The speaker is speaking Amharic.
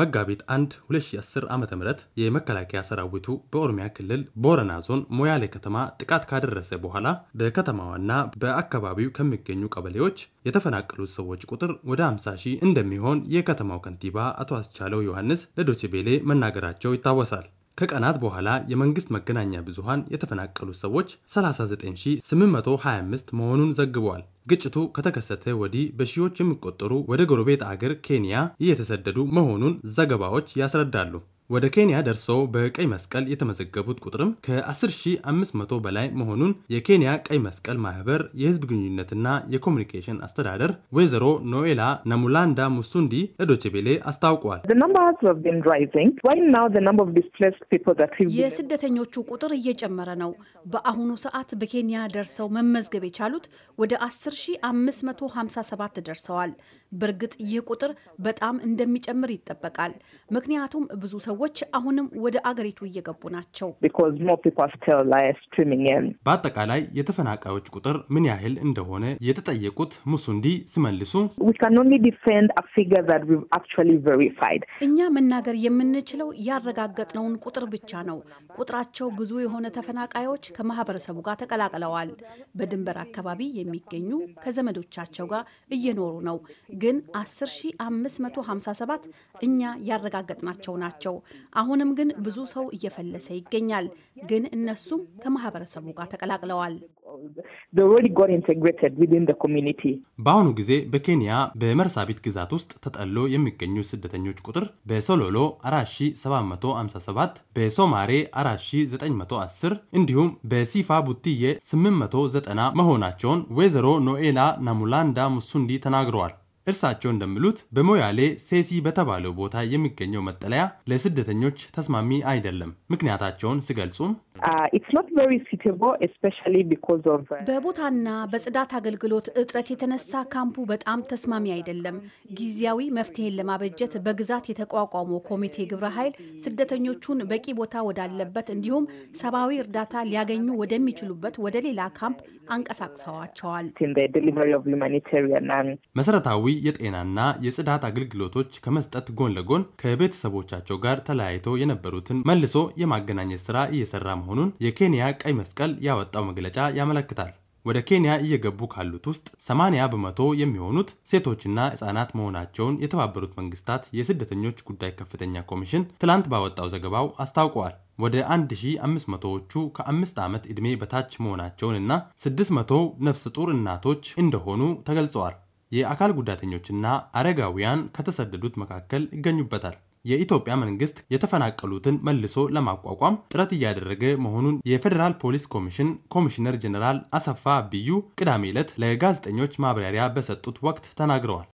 መጋቢት 1 2010 ዓ ም የመከላከያ ሰራዊቱ በኦሮሚያ ክልል ቦረና ዞን ሞያሌ ከተማ ጥቃት ካደረሰ በኋላ በከተማዋና በአካባቢው ከሚገኙ ቀበሌዎች የተፈናቀሉት ሰዎች ቁጥር ወደ 50 ሺህ እንደሚሆን የከተማው ከንቲባ አቶ አስቻለው ዮሐንስ ለዶችቤሌ መናገራቸው ይታወሳል። ከቀናት በኋላ የመንግስት መገናኛ ብዙሃን የተፈናቀሉት ሰዎች 39825 መሆኑን ዘግበዋል። ግጭቱ ከተከሰተ ወዲህ በሺዎች የሚቆጠሩ ወደ ጎረቤት አገር ኬንያ እየተሰደዱ መሆኑን ዘገባዎች ያስረዳሉ። ወደ ኬንያ ደርሰው በቀይ መስቀል የተመዘገቡት ቁጥርም ከ10500 በላይ መሆኑን የኬንያ ቀይ መስቀል ማህበር የህዝብ ግንኙነትና የኮሚኒኬሽን አስተዳደር ወይዘሮ ኖኤላ ናሙላንዳ ሙሱንዲ ለዶችቤሌ አስታውቋል። የስደተኞቹ ቁጥር እየጨመረ ነው። በአሁኑ ሰዓት በኬንያ ደርሰው መመዝገብ የቻሉት ወደ 10557 ደርሰዋል። በእርግጥ ይህ ቁጥር በጣም እንደሚጨምር ይጠበቃል። ምክንያቱም ብዙ ሰው ሰዎች አሁንም ወደ አገሪቱ እየገቡ ናቸው። በአጠቃላይ የተፈናቃዮች ቁጥር ምን ያህል እንደሆነ የተጠየቁት ሙሱንዲ ሲመልሱ እኛ መናገር የምንችለው ያረጋገጥነውን ቁጥር ብቻ ነው። ቁጥራቸው ብዙ የሆነ ተፈናቃዮች ከማህበረሰቡ ጋር ተቀላቅለዋል። በድንበር አካባቢ የሚገኙ ከዘመዶቻቸው ጋር እየኖሩ ነው። ግን 10557 እኛ ያረጋገጥናቸው ናቸው። አሁንም ግን ብዙ ሰው እየፈለሰ ይገኛል። ግን እነሱም ከማህበረሰቡ ጋር ተቀላቅለዋል። በአሁኑ ጊዜ በኬንያ በመርሳቢት ግዛት ውስጥ ተጠሎ የሚገኙ ስደተኞች ቁጥር በሶሎሎ 4757፣ በሶማሬ 4910 እንዲሁም በሲፋ ቡትዬ 890 መሆናቸውን ወይዘሮ ኖኤላ ናሙላንዳ ሙሱንዲ ተናግረዋል። እርሳቸው እንደሚሉት በሞያሌ ሴሲ በተባለው ቦታ የሚገኘው መጠለያ ለስደተኞች ተስማሚ አይደለም። ምክንያታቸውን ሲገልጹም Uh, uh, በቦታና በጽዳት አገልግሎት እጥረት የተነሳ ካምፑ በጣም ተስማሚ አይደለም። ጊዜያዊ መፍትሄን ለማበጀት በግዛት የተቋቋመው ኮሚቴ ግብረ ኃይል ስደተኞቹን በቂ ቦታ ወዳለበት እንዲሁም ሰብአዊ እርዳታ ሊያገኙ ወደሚችሉበት ወደ ሌላ ካምፕ አንቀሳቅሰዋቸዋል። መሰረታዊ የጤናና የጽዳት አገልግሎቶች ከመስጠት ጎን ለጎን ከቤተሰቦቻቸው ጋር ተለያይተው የነበሩትን መልሶ የማገናኘት ስራ እየሰራ መሆኑን የኬንያ ቀይ መስቀል ያወጣው መግለጫ ያመለክታል። ወደ ኬንያ እየገቡ ካሉት ውስጥ 80 በመቶ የሚሆኑት ሴቶችና ህጻናት መሆናቸውን የተባበሩት መንግስታት የስደተኞች ጉዳይ ከፍተኛ ኮሚሽን ትላንት ባወጣው ዘገባው አስታውቀዋል። ወደ 1500ዎቹ ከአምስት ዓመት ዕድሜ በታች መሆናቸውንና 600 ነፍሰ ጡር እናቶች እንደሆኑ ተገልጸዋል። የአካል ጉዳተኞችና አረጋውያን ከተሰደዱት መካከል ይገኙበታል። የኢትዮጵያ መንግስት የተፈናቀሉትን መልሶ ለማቋቋም ጥረት እያደረገ መሆኑን የፌዴራል ፖሊስ ኮሚሽን ኮሚሽነር ጀኔራል አሰፋ ብዩ ቅዳሜ ዕለት ለጋዜጠኞች ማብራሪያ በሰጡት ወቅት ተናግረዋል።